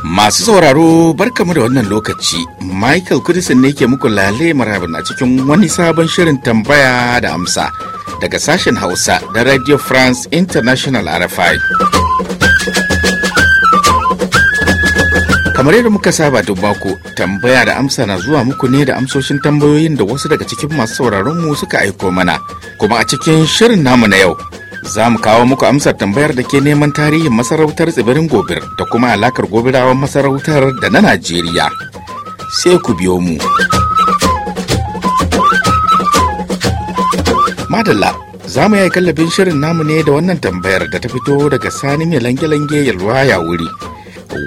Masu sauraro barkamu da wannan lokaci, Michael Kudisin ne ke muku lale marabin a cikin wani sabon shirin tambaya da amsa daga sashen Hausa da Radio France International RFI. kamar yadda muka saba duk mako tambaya da amsa na zuwa muku ne da amsoshin tambayoyin da wasu daga cikin masu sauraron mu suka aiko mana kuma a cikin shirin namu na yau za mu kawo muku amsar tambayar da ke neman tarihin masarautar tsibirin gobir da kuma alakar gobirawan masarautar da na najeriya sai ku biyo mu madalla za mu yi kallabin shirin namu ne da wannan tambayar da ta fito daga sani mai lange-lange yalwa ya wuri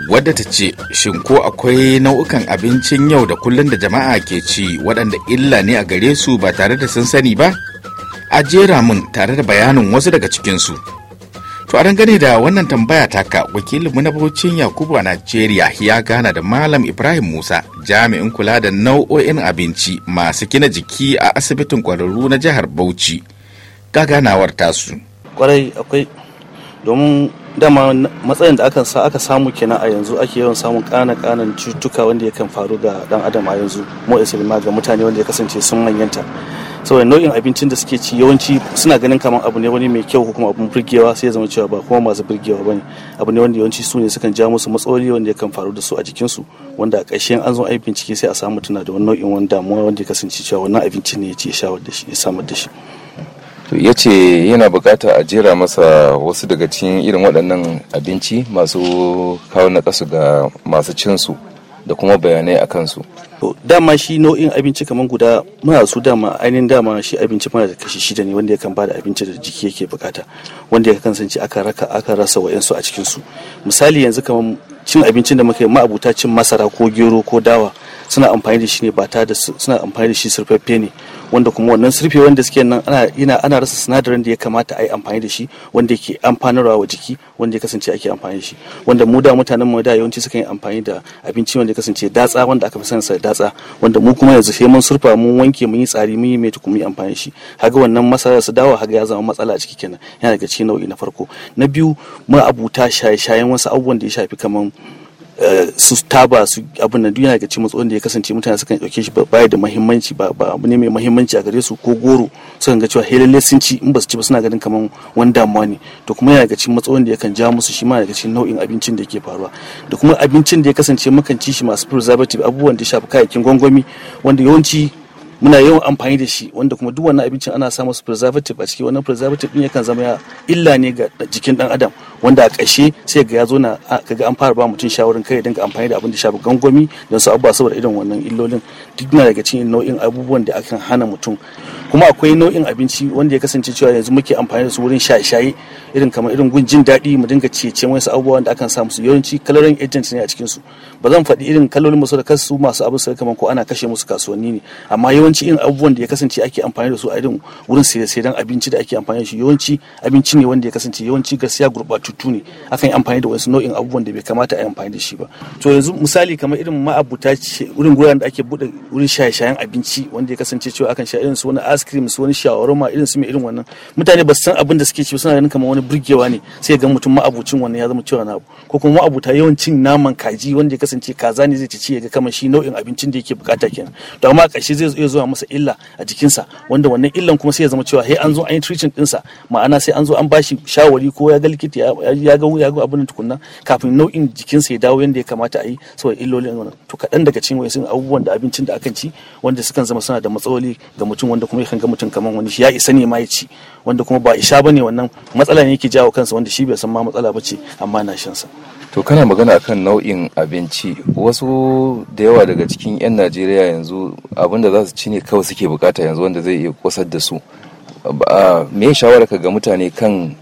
wadda ta ce shin ko akwai nau'ukan abincin yau da kullum da jama'a ke ci waɗanda illa ne a gare su ba tare da sun sani ba a jera mun tare da bayanin wasu daga cikinsu to a dangane da wannan tambaya taka wakilinmu na baucin yakubu a najeriya ya gana da malam ibrahim musa jami'in kula da nau'o'in abinci masu gina jiki a asibitin kwararru na jihar bauchi ga ganawar tasu kwarai akwai domin dama matsayin da aka sa aka samu kenan a yanzu ake yawan samun kana kanan cututtuka wanda yakan faru ga dan adam a yanzu mu ma ga mutane wanda ya kasance sun manyanta saboda nau'in abincin da suke ci yawanci suna ganin kamar abu ne wani mai kyau ko kuma abun burgewa sai ya zama cewa ba kuma masu burgewa bane abu ne wanda yawanci su ne sukan ja musu matsaloli wanda yakan faru da su a jikin su wanda a ƙarshen an zo ai bincike sai a samu tuna da wani nau'in wani damuwa wanda ya kasance cewa wannan abincin ne ya ci ya da shi ya samar da shi ya ce yana bukata a jera masa wasu daga cikin irin waɗannan abinci masu kawo na kasu ga masu cinsu da kuma bayanai a kansu. dama shi nau'in abinci kamar guda muna su dama ainihin dama shi abinci mana da kashi shida ne wanda ya ba bada abinci da jiki yake bukata wanda ya sanci aka raka aka rasa wa'yansu a cikinsu misali yanzu kamar cin abincin da muka yi ma'abuta cin masara ko gero ko dawa suna amfani da shi ne ba ta da suna amfani da shi surfaffe ne wanda kuma wannan surfe wanda suke nan ana yana ana rasa sinadarin da ya kamata a yi amfani da shi wanda yake amfanarwa wa jiki wanda ya kasance ake amfani da shi wanda mu da mutanen mu da yawanci suka yi amfani da abinci wanda ya kasance datsa wanda aka fi sanin sa datsa wanda mu kuma yanzu sai mun surfa mun wanke mun yi tsari mun yi mai tukumi mun yi amfani da shi haga wannan masara su dawo haga ya zama matsala a ciki kenan yana daga cikin nau'i na farko na biyu mu abuta shaye-shayen wasu abubuwan da ya shafi kaman su taba su abin nan duniya ga cikin matsalolin da ya kasance mutane sukan dauke shi baya da muhimmanci ba abu ne mai muhimmanci a gare su ko goro sukan ga cewa helele sun ci in ba su ci ba suna ganin kaman wani damuwa ne to kuma yana ga cikin matsalolin da ya kan ja musu shi ma daga cikin nau'in abincin da yake faruwa da kuma abincin da ya kasance mukan ci shi masu preservative abubuwan da shafi kayayyakin gwangwami wanda yawanci muna yawan amfani da shi wanda kuma duk wannan abincin ana samun su preservative a ciki wannan preservative din yakan zama illa ne ga jikin dan adam wanda a ƙarshe sai ga ya zo na kaga an fara ba mutum shawarin kai dinga amfani da abin da shafi gangomi don su abubuwa saboda irin wannan illolin duk na daga cikin nau'in abubuwan da akan hana mutum kuma akwai nau'in abinci wanda ya kasance cewa yanzu muke amfani da su wurin shaye-shaye irin kamar irin gun jin daɗi mu dinga cece wasu abubuwa da akan sa musu yawanci kalorin agent ne a cikin su ba zan faɗi irin kalolin musu da kasu masu abin su kamar ko ana kashe musu kasuwanni ne amma yawanci yawanci irin abubuwan da ya kasance ake amfani da su a irin wurin sayar abinci da ake amfani da shi yawanci abinci ne wanda ya kasance yawanci gaskiya gurbatattu ne akan yi amfani da wasu nau'in abubuwan da bai kamata a yi amfani da shi ba to yanzu misali kamar irin ma'abuta ce wurin guraren da ake bude wurin shaye-shayen abinci wanda ya kasance cewa akan sha irin su wani ice cream su wani shawarma irin su mai irin wannan mutane ba su san abin da suke ci suna ganin kamar wani burgewa ne sai ga mutum ma'abucin wannan ya zama cewa na ko kuma ma'abuta yawancin naman kaji wanda ya kasance kaza ne zai ci ya ga kamar shi nau'in abincin da yake bukata kenan to amma a ƙarshe zai iya zuwa zama masa illa a jikinsa wanda wannan illan kuma sai ya zama cewa he an zo an yi tricin ɗinsa ma'ana sai an zo an bashi shawari ko ya ga likita ya ga ya ga abin tukunna kafin nau'in jikinsa ya dawo yanda ya kamata a yi saboda illolin wannan to kaɗan daga cikin wasu abubuwan da abincin da akan ci wanda sukan zama suna da matsaloli ga mutum wanda kuma yakan ga mutum kamar wani shi ya isa ne ma ya ci wanda kuma ba isha bane wannan matsala ne yake jawo kansa wanda shi bai san ma matsala bace amma na shan sa to kana magana kan nau'in abinci wasu da yawa daga cikin 'yan najeriya yanzu abinda za su ci ne kawai suke bukata yanzu wanda zai iya kusar da su me shawara ka ga mutane kan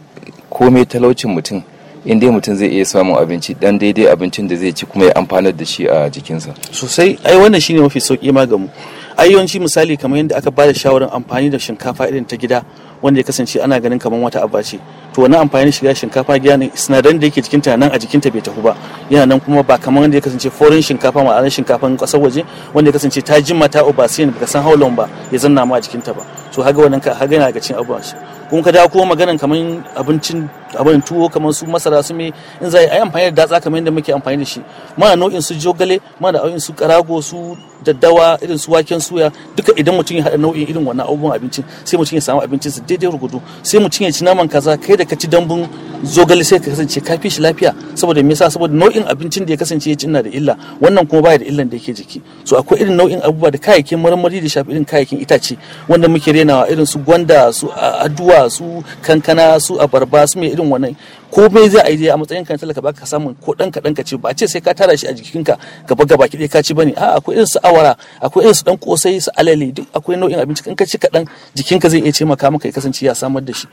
komai talaucin mutum in dai mutum zai iya samun abinci dan daidai abincin da zai ci kuma ya amfanar da shi a jikinsa sosai ai wannan shine mafi sauki ma ga mu ai misali kamar yadda aka bada shawarar amfani da shinkafa irin ta gida wanda ya kasance ana ganin kamar wata abba ce to wannan amfani shiga shinkafa gida ne sinadaran da yake jikinta nan a jikinta bai tafi ba yana nan kuma ba kamar wanda ya kasance foreign shinkafa ma'ana shinkafan kasar waje wanda ya kasance ta jima ta obasin baka san haulon ba ya zanna ma a jikinta ba so haga wannan ka haga yana daga cikin abubuwan shi kuma ka dawo ko maganan kaman abincin abin tuwo kaman su masara su me in za a yi amfani da datsa kamar yadda muke amfani da shi mana nau'in su jogale mana nau'in su karago su daddawa irin su waken suya duka idan mutum ya haɗa nau'in irin wannan abubuwan abincin sai mutum ya samu abincin su daidai rugudu sai mutum ya ci naman kaza kai da ka ci dambun zogale sai ka kasance ka fi shi lafiya saboda me yasa saboda nau'in abincin da ya kasance ya cinna da illa wannan kuma baya da illan da yake jiki so akwai irin nau'in abubuwa da kayayyakin marmari da shafi irin kayayyakin itace wanda muke renawa irin su gwanda su aduwa su kankana su abarba su mai irin wannan komai me a yi a matsayin kan talaka baka samun ko dan kaɗan ka ce ba ce sai ka tara shi a jikinka gaba gaba ki ka ci bane a akwai irin su awara akwai irin su dan kosai su alale duk akwai nau'in abinci kan ka ci kaɗan jikinka zai iya ce maka maka ya kasance ya samar da shi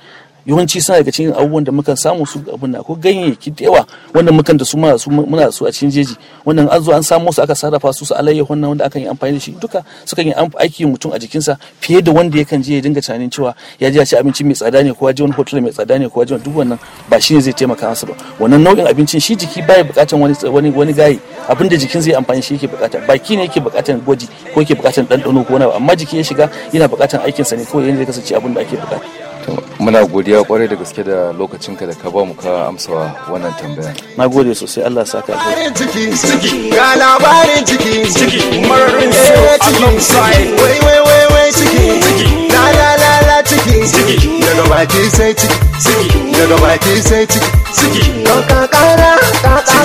yawanci suna daga cikin abubuwan da mukan samu su abin da ko ganyayyaki da yawa wanda mukan da su muna su muna su a cikin jeji wannan an zo an samu su aka sarrafa su su alayyahu wannan wanda akan yi amfani da shi duka suka yi aiki mutum a jikinsa fiye da wanda yakan je ya dinga tunanin cewa ya ji ya ci abinci mai tsada ne ko ya je wani hotel mai tsada ne ko ya je duk wannan ba shi ne zai taimaka masa ba wannan nau'in abincin shi jiki baya bukatan wani wani wani gayi abinda jikin zai amfani shi yake bukata baki ne yake bukatan gwaji ko yake bukatan dandano ko wani amma jiki ya shiga yana bukatan aikinsa ne ko yanda zai kasance abin da ake bukata muna godiya kwarai da gaske da lokacinka da ka ba mu ka amsa wannan tambaya na gode sosai Allah ya saka ka ciki ciki ga labarin ciki ciki wai wai wai ciki ciki la la la la ciki ciki daga baki sai ciki ciki daga baki sai ciki ciki ka ka ka ka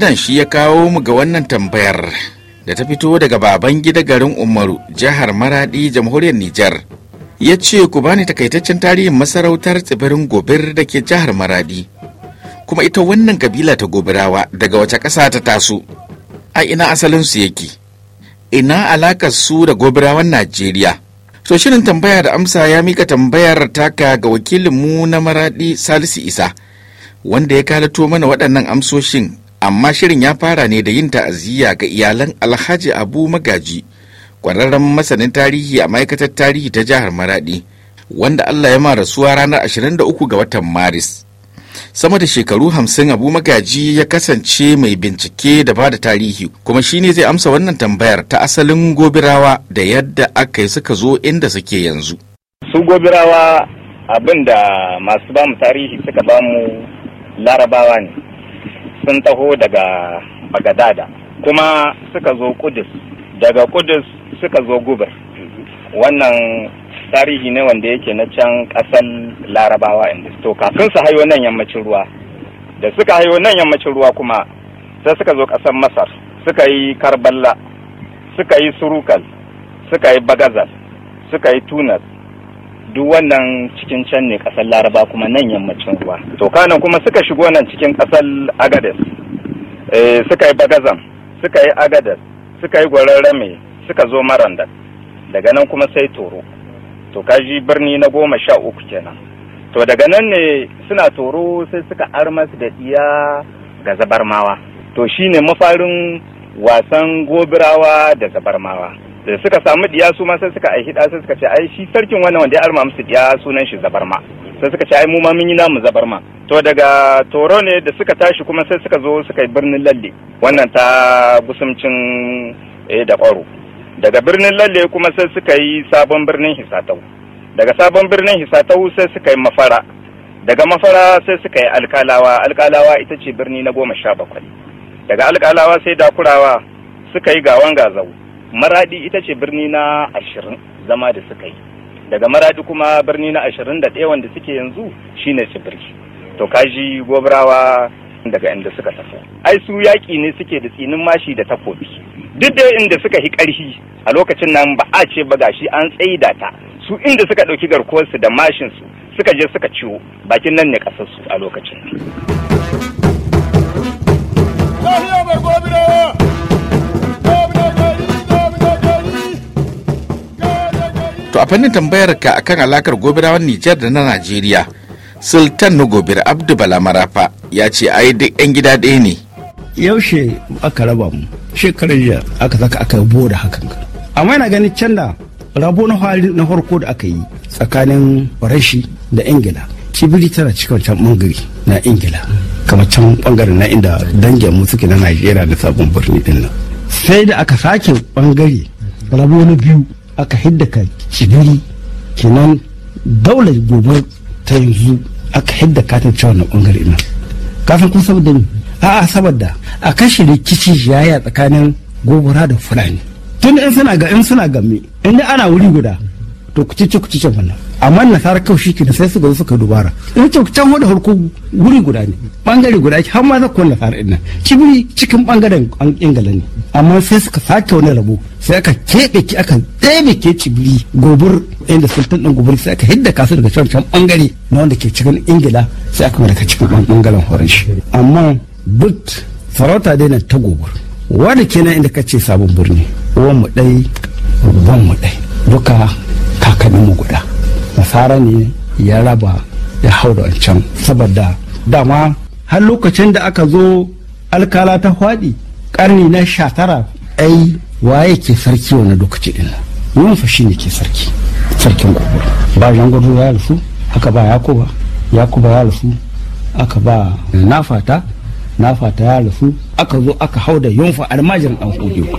Fadan shi ya kawo mu ga wannan tambayar da ta fito daga baban gida garin Umaru, jihar Maradi, jamhuriyar Nijar. Ya ce ku bani takaitaccen tarihin masarautar tsibirin Gobir da ke jihar Maradi. Kuma ita wannan kabila ta Gobirawa daga wace ƙasa ta taso? A ina asalinsu yake? Ina alakar su da Gobirawan Najeriya? To shirin tambaya da amsa ya mika tambayar taka ga wakilinmu na Maradi Salisu Isa, wanda ya kalato mana waɗannan amsoshin amma shirin ya fara ne da yin ta'aziyya ga iyalan alhaji abu magaji kwararren masanin tarihi a ma'aikatar tarihi ta jihar maradi wanda allah ya ma rasuwa ranar 23 ga watan maris sama da shekaru hamsin abu magaji ya kasance mai bincike da ba da tarihi kuma shine zai amsa wannan tambayar ta asalin gobirawa da yadda aka yi suka zo inda suke yanzu su gobirawa abin da masu bamu tarihi suka bamu larabawa ne sun taho daga bagadada kuma suka zo kudus daga kudus suka zo gubar wannan tarihi ne wanda yake na can kasan larabawa inda to kafin su hayo nan yammacin ruwa da suka hayo nan yammacin ruwa kuma sai suka zo kasan masar suka yi karballa suka yi surukal suka yi bagazal suka yi tunas duk wannan cikin can ne kasar laraba kuma nan yammacin ruwa to kanan kuma suka shigo nan cikin kasar agades eh, suka yi bagazam suka yi agadez suka yi gwararrame suka zo maranda daga nan kuma sai toro to kaji birni na goma sha uku kenan to daga nan ne suna toro sai suka armas da iya ga zabarmawa to shine mafarin wasan gobirawa da zabarmawa da suka samu diya su ma sai suka aiki da sai suka ce ai shi sarkin wannan wanda ya arma musu diya sunan shi zabarma sai suka ce ai mu ma mun yi namu zabarma to daga toro ne da suka tashi kuma sai suka zo suka yi birnin lalle wannan ta gusumcin eh, da kwaro daga birnin lalle kuma sai suka yi sabon birnin hisatau daga sabon birnin hisatau sai suka yi mafara daga mafara sai suka yi alkalawa alkalawa ita ce birni na goma sha bakwai daga alkalawa sai dakurawa suka yi gawan gazau maradi ita ce birni na ashirin zama da suka yi daga maradi kuma birni na ashirin da ɗaya wanda suke yanzu shine tsibiri to kaji gobrawa daga inda suka tafi ai su yaƙi ne suke da tsinin mashi da takobi duk da inda suka hi ƙarfi a lokacin nan ba a ce ba gashi an tsaida ta su inda suka ɗauki garkuwarsu da mashinsu suka je suka ciwo bakin nan ne ƙasarsu a lokacin fannin tambayar ka akan alakar gobirawan Nijar da na Najeriya, Sultan na gobir Abdu Bala Marafa ya ce ai duk 'yan gida ɗaya ne. Yaushe aka raba mu, shekarar jiya aka saka aka bo da hakan. Amma yana ganin can da rabo na farko da aka yi tsakanin Rashi da Ingila. Kibiri tana cikin wancan bangare na Ingila. Kamar can bangaren na inda dangin mu suke na Najeriya da sabon birni din nan. Sai da aka sake bangare rabo na biyu aka hidda kai tsibiri kenan daular gobe ta yanzu aka hidda katin cewa na ɓangare ina kafin kun saboda ni a'a saboda a kashe rikici yaya tsakanin gobara da fulani tun in suna ga in suna game in ana wuri guda to ku cice ku can wannan amma nasara kawai shi kenan sai su gaza suka dubara in ce can wada harko guri guda ne bangare guda ake har ma za ku nasara din nan kibiri cikin bangaren an ingila ne amma sai suka sake wani rabo sai aka keɓe ki aka ɗaya ke cibiri gobir inda sultan ɗin gobir sai aka hidda kasu daga can can bangare na wanda ke cikin ingila sai aka mara cikin bangaren horon shi amma But, Sarauta dai nan ta gobir wani kenan inda ka ce sabon birni uwan mu ɗai uban mu ɗai duka mu guda nasara ne ya raba ya hau da wancan saboda dama har lokacin da aka zo alkala ta hwadi ƙarni na sha tara ai waye ke sarki wani lokaci ɗin yunfa shi ne ke sarki sarkin gobe ba jangwado ya rufu haka ba yakuba yakuba ya rufu aka ba nafata nafata ya rufu aka zo aka hau da yunfa almajirin an kogewa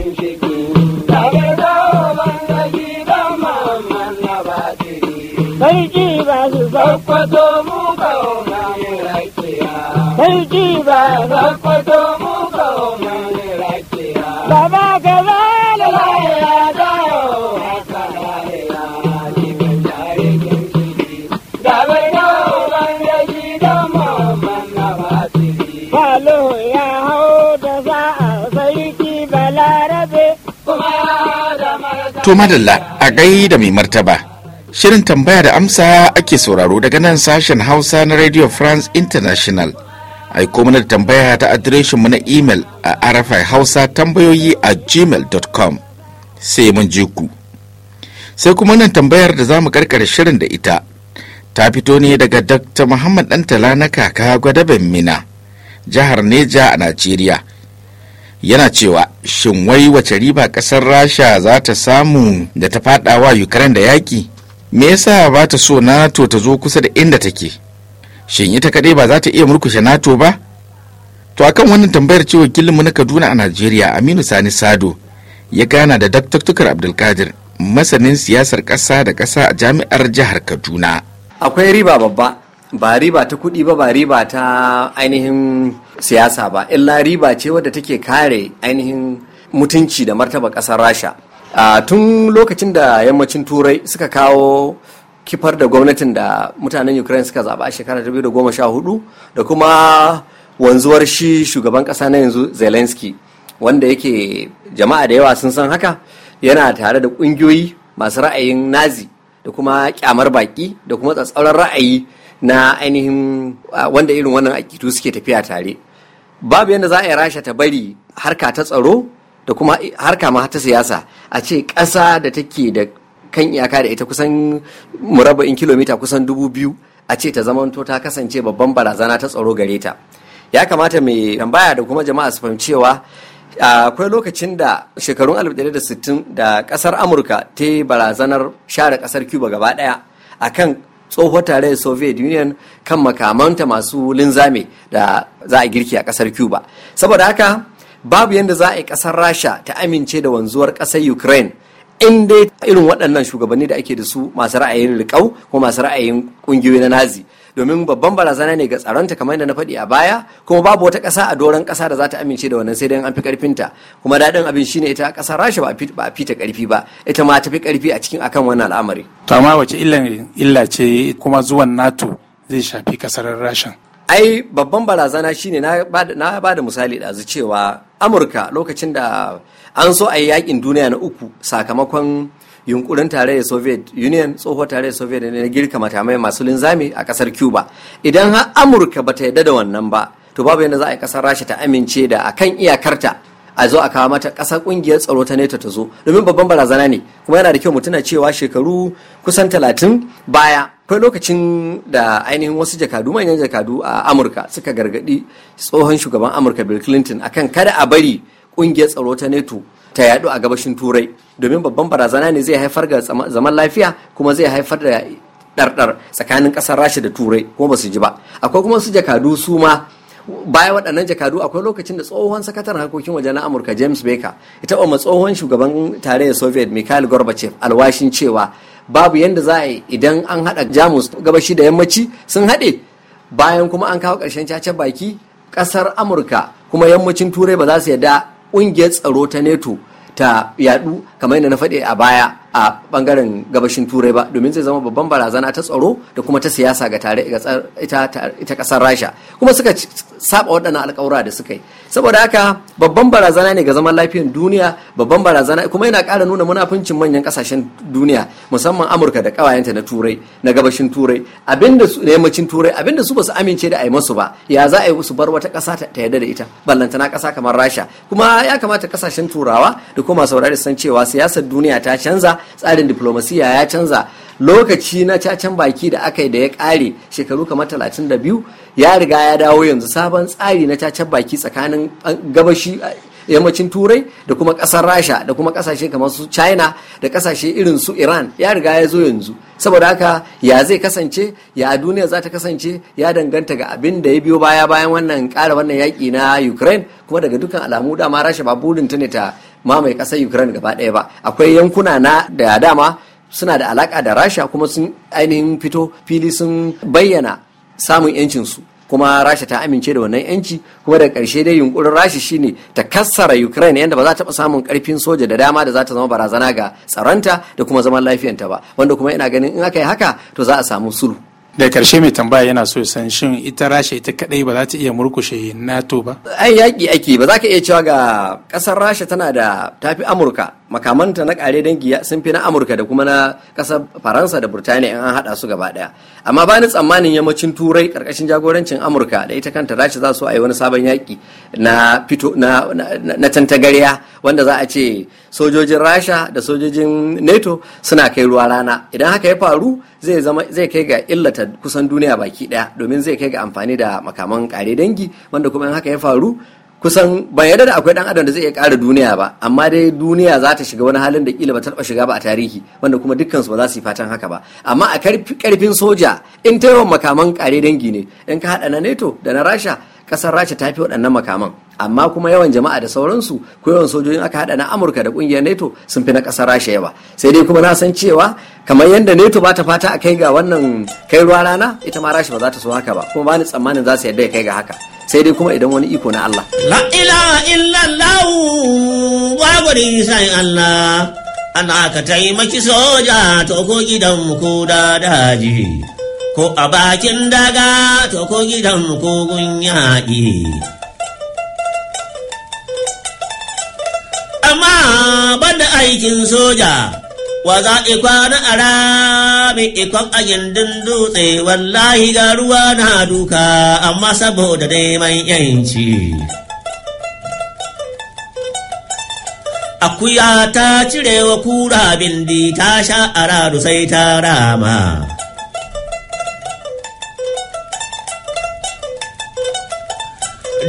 sarki ba su zakwato mu ka ona ne rakiya sarki ba su zakwato mu ka ona ne rakiya baba ka ba la la ya da o ka ya yi. ga jare kin ki da ba na o ban ya ji da ma man na ba ti falo ya hau da za sarki balarabe kuma da martaba to madalla a gaida mai martaba Shirin tambaya da amsa ake sauraro daga nan sashen Hausa na Radio France International. Aiko mana da tambaya ta mu na imel a arafai hausa tambayoyi a gmail.com sai mun ji ku. Sai kuma nan tambayar da za mu karkare shirin da ita ta fito ne daga Dr. Muhammad Dantala na kaka gwadaben Mina, jihar Neja a Najeriya. yana cewa shin wai wace riba kasar rasha za ta samu da ta fadawa ukraine da yaki me yasa ba ta so nato ta zo kusa da inda take shin ita kadai ba za ta iya murkushe nato ba to akan wannan tambayar cewa wakilinmu na kaduna a najeriya aminu sani sado ya gana da daktaktukar abdulkadir masanin siyasar kasa da kasa a jami'ar jihar kaduna akwai riba babba ba riba ta kuɗi ba ba riba ta ainihin siyasa ba illa riba ce wadda take kare ainihin mutunci da martaba ƙasar rasha a tun lokacin da yammacin turai suka kawo kifar da gwamnatin da mutanen ukraine suka zaba a shekarar 2014 da kuma wanzuwar shi shugaban kasa na yanzu zelensky wanda yake jama'a da yawa sun san haka yana tare da kungiyoyi masu ra'ayin nazi da kuma kyamar baki da kuma tsatsauran ra'ayi na ainihin wanda irin wannan akitu suke tafiya tare babu yadda za a yi rasha ta bari harka ta tsaro da kuma harka ma ta siyasa a ce ƙasa da take da kan iyaka da ita kusan murabba'in kilomita kusan dubu biyu a ce ta zamanto ta kasance babban barazana ta tsaro gare ta ya kamata mai tambaya da kuma jama'a su fahimcewa akwai lokacin da shekarun 1960 da kasar amurka ta yi barazanar share kasar cuba gaba daya kan tsohuwar tarayyar soviet union kan makamanta masu linzame da za a girki a kasar cuba saboda haka babu yadda za a yi ƙasar rasha ta amince da wanzuwar ƙasar ukraine in dai irin waɗannan shugabanni da ake da su masu ra'ayin riƙau ko masu ra'ayin ƙungiyoyi na nazi domin babban barazana ne ga tsaronta kamar yadda na faɗi a baya kuma babu wata ƙasa a doron ƙasa da za ta amince da wannan sai dai an fi ƙarfinta kuma daɗin abin shine ita ƙasar rasha ba a fita ƙarfi ba ita ma ta fi ƙarfi a cikin akan wannan al'amari. to amma wace illa ce kuma zuwan nato zai shafi ƙasar rasha. ai babban barazana shine na ba da misali ɗazu cewa amurka lokacin da an so a yi yakin duniya na uku sakamakon yunkurin tarayyar soviet union tsohuwar tarayyar soviet na girka matamai masu linzami a kasar cuba idan har amurka ba ta yarda da wannan ba to babu yadda za a yi kasar rasha ta amince da akan iyakarta a zo a kawo mata ƙasar ƙungiyar tsaro ta neto ta zo domin babban barazana ne kuma yana da kyau mutuna cewa shekaru kusan talatin baya akwai lokacin da ainihin wasu jakadu manyan jakadu a amurka suka gargadi tsohon shugaban amurka bill clinton akan kada a bari kungiyar tsaro ta neto ta yadu a gabashin turai domin babban barazana ne zai haifar ga zaman lafiya kuma zai haifar da ɗarɗar tsakanin ƙasar rasha da turai ko ba su ji ba akwai kuma su jakadu su ma baya waɗannan jakadu akwai lokacin da tsohon sakataren harkokin waje na amurka james baker ita ma tsohon shugaban tarayyar soviet mikhail gorbachev alwashin cewa babu yadda za a yi idan an haɗa jamus gabashi da yammaci sun haɗe bayan kuma an kawo ƙarshen caca baki ƙasar amurka kuma yammacin turai ba za su yarda ƙungiyar tsaro ta neto ta yadu kamar yadda na faɗi a baya a bangaren gabashin turai ba domin zai zama babban barazana ta tsaro da kuma ta siyasa ga tare ita kasar rasha kuma suka saba waɗannan alƙawura da suka yi saboda haka babban barazana ne ga zaman lafiyar duniya babban barazana kuma yana ƙara nuna munafuncin manyan ƙasashen duniya musamman amurka da ƙawayenta na turai na gabashin turai abinda su na yammacin turai abinda su basu amince da a yi masu ba ya za a yi su bar wata ƙasa ta yarda da ita ballantana ƙasa kamar rasha kuma ya kamata ƙasashen turawa da kuma saurari san cewa siyasar duniya ta canza tsarin diplomasiya ya canza lokaci na cacan baki da aka yi da ya kare shekaru kamar talatin da biyu ya riga ya dawo yanzu sabon tsari na cacan baki tsakanin gabashi yammacin turai da kuma kasar rasha da kuma kasashe kamar su china da kasashe irin su iran ya riga ya zo yanzu saboda haka ya zai kasance ya duniya za ta kasance ya danganta ga abin da ya biyo baya bayan wannan kara wannan yaƙi na ukraine kuma daga dukkan alamu dama rasha ba burinta ne ta mai ƙasar ukraine gaba ɗaya ba akwai yankuna na da dama suna da alaka da rasha kuma sun ainihin fito fili sun bayyana samun yancinsu kuma rasha ta amince da wannan yanci kuma da ƙarshe dai yunkurin rasha shine ta kassara ukraine yadda ba za ta samun ƙarfin soja da dama da za ta zama barazana ga tsaronta da kuma zaman lafiyanta ba wanda kuma ina ganin in aka yi haka to za a samu sulhu da karshe mai tambaya yana so san shin ita rasha ita kadai ba za ta iya murkushe nato ba ai yaki ake ba za ka iya cewa ga ƙasar rasha tana da tafi amurka makamanta na kare dangi sun fi na amurka da kuma na kasar faransa da burtaniya in an hada su gaba daya amma bani tsammanin yammacin turai karkashin jagorancin amurka da ita kanta rashi za su a yi wani sabon yaki na fito na, tantagarya wanda za a ce sojojin rasha da sojojin nato suna kai ruwa rana idan haka ya faru zai zama zai kai ga illata kusan duniya baki daya domin zai kai ga amfani da makaman kare dangi wanda kuma in haka ya faru kusan ban yarda da akwai dan adam da zai iya ƙara duniya ba amma dai duniya za ta shiga wani halin da kila ba ta taba shiga ba a tarihi wanda kuma dukkan su ba za su yi fatan haka ba amma a karfin soja in ta yawan makaman kare dangi ne in ka hada na neto da na rasha ƙasar rasha ta fi waɗannan makaman amma kuma yawan jama'a da sauransu ko yawan sojojin aka hada na amurka da ƙungiyar neto sun fi na kasar rasha yawa sai dai kuma na san cewa kamar yadda neto ba ta fata a kai ga wannan kai ruwa rana ita ma rasha ba za ta so haka ba kuma ba ni tsammanin za su yarda ya kai ga haka sai dai kuma idan wani iko na Allah la ilaha illallah gwari sai Allah ana ka taimaki soja to ko gidan ko da daji ko a bakin daga to ko gidan ko gun yaƙi amma banda aikin soja wa za na a rami ikon a dutse wallahi ga ruwa na duka amma saboda neman yanci akuya ta cirewa kura bindi ta sha a radu sai ta rama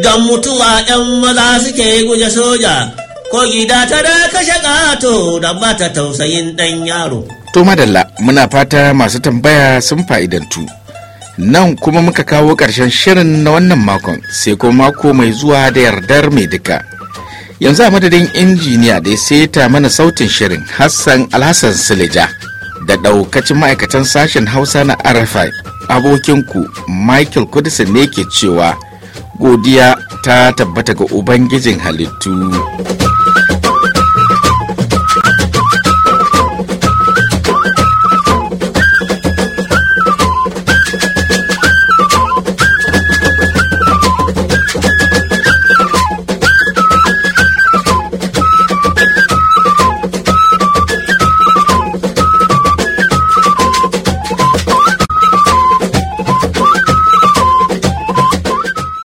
don mutuwa 'yan maza suke guje soja ko gida ta da kashe gato da ba tausayin ɗan yaro. To madalla muna fata masu tambaya sun fa'idantu. Nan kuma muka kawo ƙarshen shirin na wannan makon sai ko mako mai zuwa da yardar mai duka. Yanzu a madadin injiniya da ya seta mana sautin shirin Hassan Alhassan Silija da ɗaukacin ma'aikatan sashen Hausa na RFI abokinku Michael Kudisin ne ke cewa godiya ta tabbata ga Ubangijin halittu.